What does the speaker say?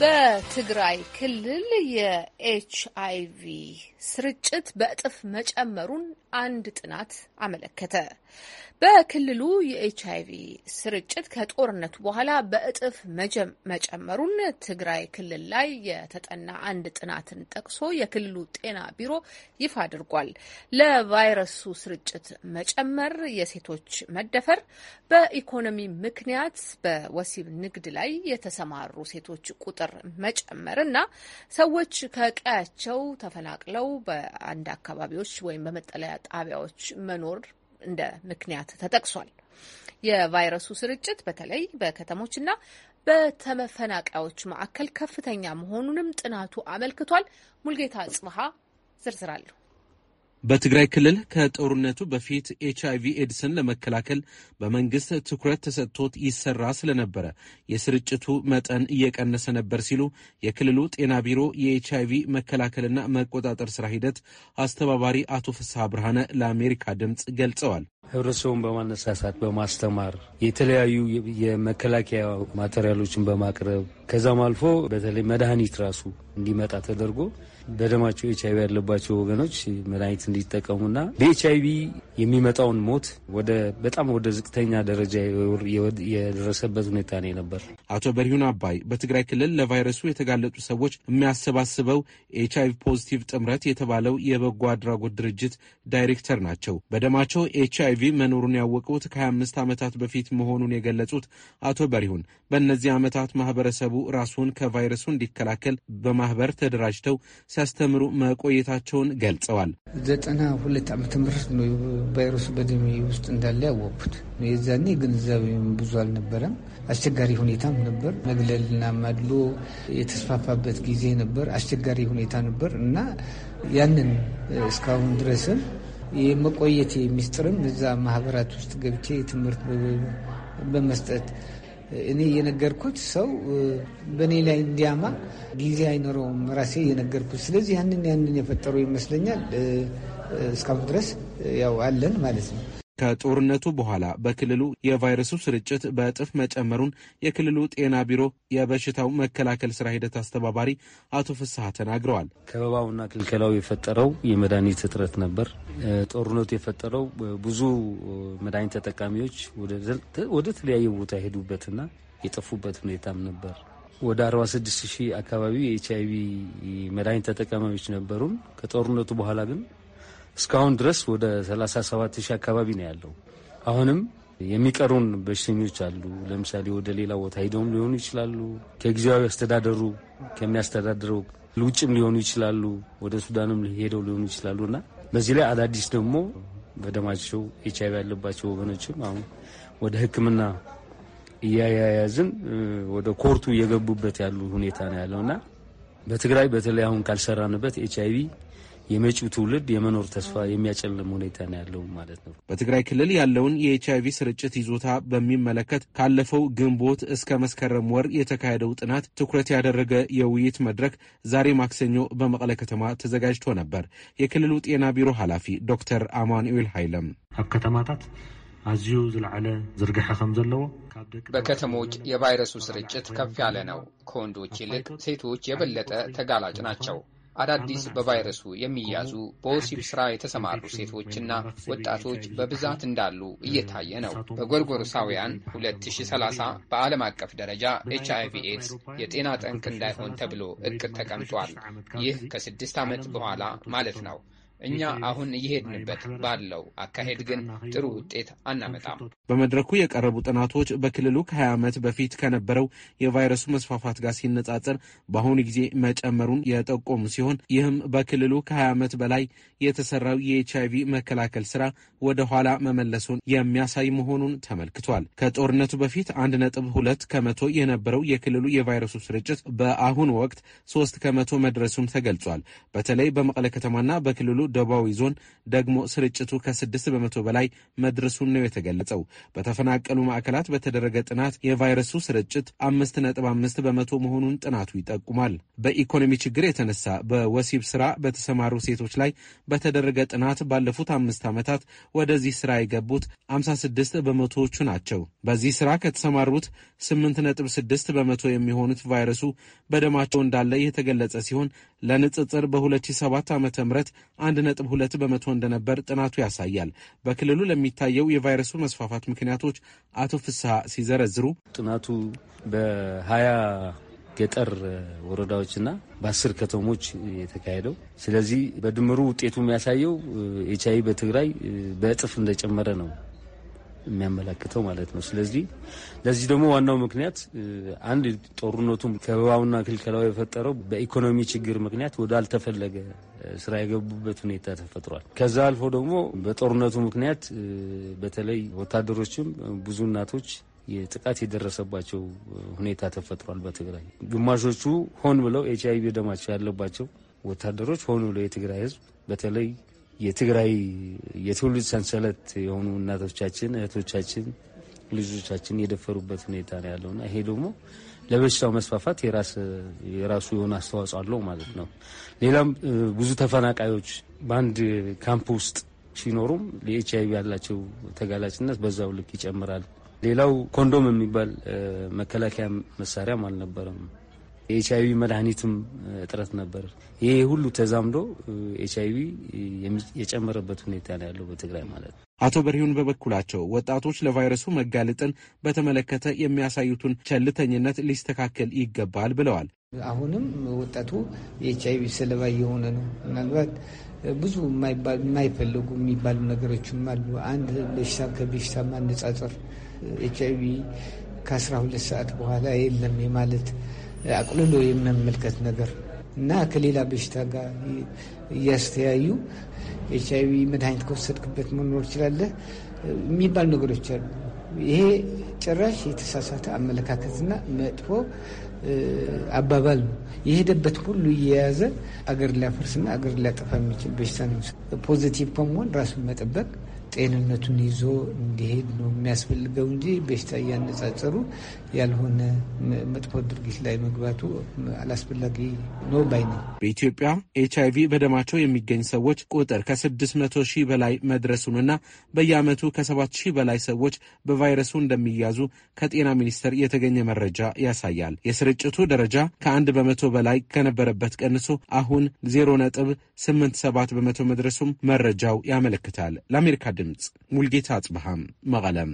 በትግራይ ክልል የኤች አይ ቪ ስርጭት በእጥፍ መጨመሩን አንድ ጥናት አመለከተ። በክልሉ የኤች አይቪ ስርጭት ከጦርነቱ በኋላ በእጥፍ መጨመሩን ትግራይ ክልል ላይ የተጠና አንድ ጥናትን ጠቅሶ የክልሉ ጤና ቢሮ ይፋ አድርጓል። ለቫይረሱ ስርጭት መጨመር፣ የሴቶች መደፈር፣ በኢኮኖሚ ምክንያት በወሲብ ንግድ ላይ የተሰማሩ ሴቶች ቁጥር መጨመር እና ሰዎች ከቀያቸው ተፈናቅለው በአንድ አካባቢዎች ወይም በመጠለያ ጣቢያዎች መኖር እንደ ምክንያት ተጠቅሷል። የቫይረሱ ስርጭት በተለይ በከተሞችና በተመፈናቃዮች ማዕከል ከፍተኛ መሆኑንም ጥናቱ አመልክቷል። ሙልጌታ ጽብሃ ዝርዝራለሁ በትግራይ ክልል ከጦርነቱ በፊት ኤች አይቪ ኤድስን ለመከላከል በመንግስት ትኩረት ተሰጥቶት ይሰራ ስለነበረ የስርጭቱ መጠን እየቀነሰ ነበር ሲሉ የክልሉ ጤና ቢሮ የኤች አይቪ መከላከልና መቆጣጠር ስራ ሂደት አስተባባሪ አቶ ፍስሐ ብርሃነ ለአሜሪካ ድምፅ ገልጸዋል። ህብረተሰቡን በማነሳሳት በማስተማር የተለያዩ የመከላከያ ማቴሪያሎችን በማቅረብ ከዛም አልፎ በተለይ መድኃኒት ራሱ እንዲመጣ ተደርጎ በደማቸው ኤች አይቪ ያለባቸው ወገኖች መድኃኒት እንዲጠቀሙና በኤች አይቪ የሚመጣውን ሞት ወደ በጣም ወደ ዝቅተኛ ደረጃ የደረሰበት ሁኔታ ነው ነበር። አቶ በሪሁን አባይ በትግራይ ክልል ለቫይረሱ የተጋለጡ ሰዎች የሚያሰባስበው ኤች አይቪ ፖዚቲቭ ጥምረት የተባለው የበጎ አድራጎት ድርጅት ዳይሬክተር ናቸው። በደማቸው ኤች አይቪ መኖሩን ያወቁት ከ25 ዓመታት በፊት መሆኑን የገለጹት አቶ በሪሁን በእነዚህ ዓመታት ማህበረሰቡ ራሱን ከቫይረሱ እንዲከላከል በማህበር ተደራጅተው ሲያስተምሩ መቆየታቸውን ገልጸዋል። ዘጠና ሁለት ዓመተ ምህረት ነው ቫይረሱ በደሜ ውስጥ እንዳለ ያወቅኩት። የዛኔ ግንዛቤ ብዙ አልነበረም። አስቸጋሪ ሁኔታም ነበር። መግለልና ማድሎ የተስፋፋበት ጊዜ ነበር። አስቸጋሪ ሁኔታ ነበር እና ያንን እስካሁን ድረስም የመቆየቴ ሚስጥርም እዛ ማህበራት ውስጥ ገብቼ ትምህርት በመስጠት እኔ እየነገርኩት ሰው በእኔ ላይ እንዲያማ ጊዜ አይኖረውም፣ ራሴ እየነገርኩት። ስለዚህ ያንን ያንን የፈጠሩ ይመስለኛል። እስካሁን ድረስ ያው አለን ማለት ነው። ከጦርነቱ በኋላ በክልሉ የቫይረሱ ስርጭት በእጥፍ መጨመሩን የክልሉ ጤና ቢሮ የበሽታው መከላከል ስራ ሂደት አስተባባሪ አቶ ፍስሐ ተናግረዋል። ከበባውና ክልከላው የፈጠረው የመድኃኒት እጥረት ነበር። ጦርነቱ የፈጠረው ብዙ መድኃኒት ተጠቃሚዎች ወደ ተለያየ ቦታ የሄዱበትና የጠፉበት ሁኔታም ነበር። ወደ 46 ሺህ አካባቢ የኤች አይቪ መድኃኒት ተጠቃሚዎች ነበሩን። ከጦርነቱ በኋላ ግን እስካሁን ድረስ ወደ 37 ሺህ አካባቢ ነው ያለው። አሁንም የሚቀሩን በሽተኞች አሉ። ለምሳሌ ወደ ሌላ ቦታ ሄደውም ሊሆኑ ይችላሉ። ከጊዜያዊ አስተዳደሩ ከሚያስተዳድረው ውጭም ሊሆኑ ይችላሉ። ወደ ሱዳንም ሄደው ሊሆኑ ይችላሉ እና በዚህ ላይ አዳዲስ ደግሞ በደማቸው ኤች አይቪ ያለባቸው ወገኖችም አሁን ወደ ሕክምና እያያያዝን ወደ ኮርቱ እየገቡበት ያሉ ሁኔታ ነው ያለው እና በትግራይ በተለይ አሁን ካልሰራንበት ኤች አይቪ የመጪው ትውልድ የመኖር ተስፋ የሚያጨልም ሁኔታ ነው ያለው ማለት ነው። በትግራይ ክልል ያለውን የኤች አይቪ ስርጭት ይዞታ በሚመለከት ካለፈው ግንቦት እስከ መስከረም ወር የተካሄደው ጥናት ትኩረት ያደረገ የውይይት መድረክ ዛሬ ማክሰኞ በመቀለ ከተማ ተዘጋጅቶ ነበር። የክልሉ ጤና ቢሮ ኃላፊ ዶክተር አማኑኤል ሃይለም ኣብ ከተማታት ኣዝዩ ዝለዓለ ዝርግሐ ከም ዘለዎ በከተሞች የቫይረሱ ስርጭት ከፍ ያለ ነው። ከወንዶች ይልቅ ሴቶች የበለጠ ተጋላጭ ናቸው። አዳዲስ በቫይረሱ የሚያዙ በወሲብ ስራ የተሰማሩ ሴቶችና ወጣቶች በብዛት እንዳሉ እየታየ ነው። በጎርጎርሳውያን 2030 በዓለም አቀፍ ደረጃ ኤች አይቪ ኤድስ የጤና ጠንቅ እንዳይሆን ተብሎ እቅድ ተቀምጧል። ይህ ከስድስት ዓመት በኋላ ማለት ነው። እኛ አሁን እየሄድንበት ባለው አካሄድ ግን ጥሩ ውጤት አናመጣም። በመድረኩ የቀረቡ ጥናቶች በክልሉ ከ20 ዓመት በፊት ከነበረው የቫይረሱ መስፋፋት ጋር ሲነጻጸር በአሁኑ ጊዜ መጨመሩን የጠቆሙ ሲሆን ይህም በክልሉ ከ20 ዓመት በላይ የተሰራው የኤች አይቪ መከላከል ስራ ወደ ኋላ መመለሱን የሚያሳይ መሆኑን ተመልክቷል። ከጦርነቱ በፊት አንድ ነጥብ ሁለት ከመቶ የነበረው የክልሉ የቫይረሱ ስርጭት በአሁኑ ወቅት ሶስት ከመቶ መድረሱም ተገልጿል። በተለይ በመቀለ ከተማና በክልሉ ደቡባዊ ዞን ደግሞ ስርጭቱ ከስድስት በመቶ በላይ መድረሱን ነው የተገለጸው። በተፈናቀሉ ማዕከላት በተደረገ ጥናት የቫይረሱ ስርጭት አምስት ነጥብ አምስት በመቶ መሆኑን ጥናቱ ይጠቁማል። በኢኮኖሚ ችግር የተነሳ በወሲብ ስራ በተሰማሩ ሴቶች ላይ በተደረገ ጥናት ባለፉት አምስት ዓመታት ወደዚህ ስራ የገቡት 56 በመቶዎቹ ናቸው። በዚህ ስራ ከተሰማሩት 8.6 በመቶ የሚሆኑት ቫይረሱ በደማቸው እንዳለ የተገለጸ ሲሆን ለንጽጽር በ2007 ዓ ም ነጥብ ሁለት በመቶ እንደነበር ጥናቱ ያሳያል። በክልሉ ለሚታየው የቫይረሱ መስፋፋት ምክንያቶች አቶ ፍስሐ ሲዘረዝሩ ጥናቱ በሀያ ገጠር ወረዳዎችና በአስር ከተሞች የተካሄደው። ስለዚህ በድምሩ ውጤቱ የሚያሳየው ኤች አይ በትግራይ በእጥፍ እንደጨመረ ነው የሚያመላክተው ማለት ነው። ስለዚህ ለዚህ ደግሞ ዋናው ምክንያት አንድ ጦርነቱም ከበባውና ክልከላው የፈጠረው በኢኮኖሚ ችግር ምክንያት አልተፈለገ ስራ የገቡበት ሁኔታ ተፈጥሯል። ከዛ አልፎ ደግሞ በጦርነቱ ምክንያት በተለይ ወታደሮችም ብዙ እናቶች ጥቃት የደረሰባቸው ሁኔታ ተፈጥሯል። በትግራይ ግማሾቹ ሆን ብለው ኤች አይቪ ደማቸው ያለባቸው ወታደሮች ሆን ብለው የትግራይ ህዝብ በተለይ የትግራይ የትውልድ ሰንሰለት የሆኑ እናቶቻችን፣ እህቶቻችን፣ ልጆቻችን የደፈሩበት ሁኔታ ነው ያለውና ይሄ ደግሞ ለበሽታው መስፋፋት የራሱ የሆነ አስተዋጽኦ አለው ማለት ነው። ሌላም ብዙ ተፈናቃዮች በአንድ ካምፕ ውስጥ ሲኖሩም ለኤች አይቪ ያላቸው ተጋላጭነት በዛው ልክ ይጨምራል። ሌላው ኮንዶም የሚባል መከላከያ መሳሪያም አልነበረም። የኤች አይቪ መድኃኒትም እጥረት ነበር። ይሄ ሁሉ ተዛምዶ ኤች አይቪ የጨመረበት ሁኔታ ነው ያለው በትግራይ ማለት ነው። አቶ በርሂውን በበኩላቸው ወጣቶች ለቫይረሱ መጋለጥን በተመለከተ የሚያሳዩትን ቸልተኝነት ሊስተካከል ይገባል ብለዋል። አሁንም ወጣቱ የኤች አይቪ ሰለባ እየሆነ ነው። ምናልባት ብዙ የማይፈለጉ የሚባሉ ነገሮችም አሉ። አንድ በሽታ ከበሽታ ማነጻጸር ኤች አይቪ ከአስራ ሁለት ሰዓት በኋላ የለም የማለት አቁልሎ የመመልከት ነገር እና ከሌላ በሽታ ጋር እያስተያዩ ኤች አይቪ መድኃኒት ከወሰድክበት መኖር ትችላለህ የሚባሉ ነገሮች አሉ። ይሄ ጭራሽ የተሳሳተ አመለካከትና መጥፎ አባባል ነው። የሄደበት ሁሉ እየያዘ አገር ሊያፈርስና አገር ሊያጠፋ የሚችል በሽታ ነው። ፖዚቲቭ ከመሆን ራሱን መጠበቅ ጤንነቱን ይዞ እንዲሄድ ነው የሚያስፈልገው እንጂ በሽታ እያነጻጸሩ ያልሆነ መጥፎ ድርጊት ላይ መግባቱ አላስፈላጊ ነው ባይ ነው። በኢትዮጵያ ኤች በደማቸው የሚገኝ ሰዎች ቁጥር ከ600 ሺህ በላይ መድረሱንና በየዓመቱ ከ7 ሺህ በላይ ሰዎች በቫይረሱ እንደሚያዙ ከጤና ሚኒስቴር የተገኘ መረጃ ያሳያል። የስርጭቱ ደረጃ ከአንድ በመቶ በላይ ከነበረበት ቀንሶ አሁን 0 ነጥብ ሰባት በመቶ መድረሱም መረጃው ያመለክታል። ለአሜሪካ ድምፅ ሙልጌታ አጽብሃም መቐለም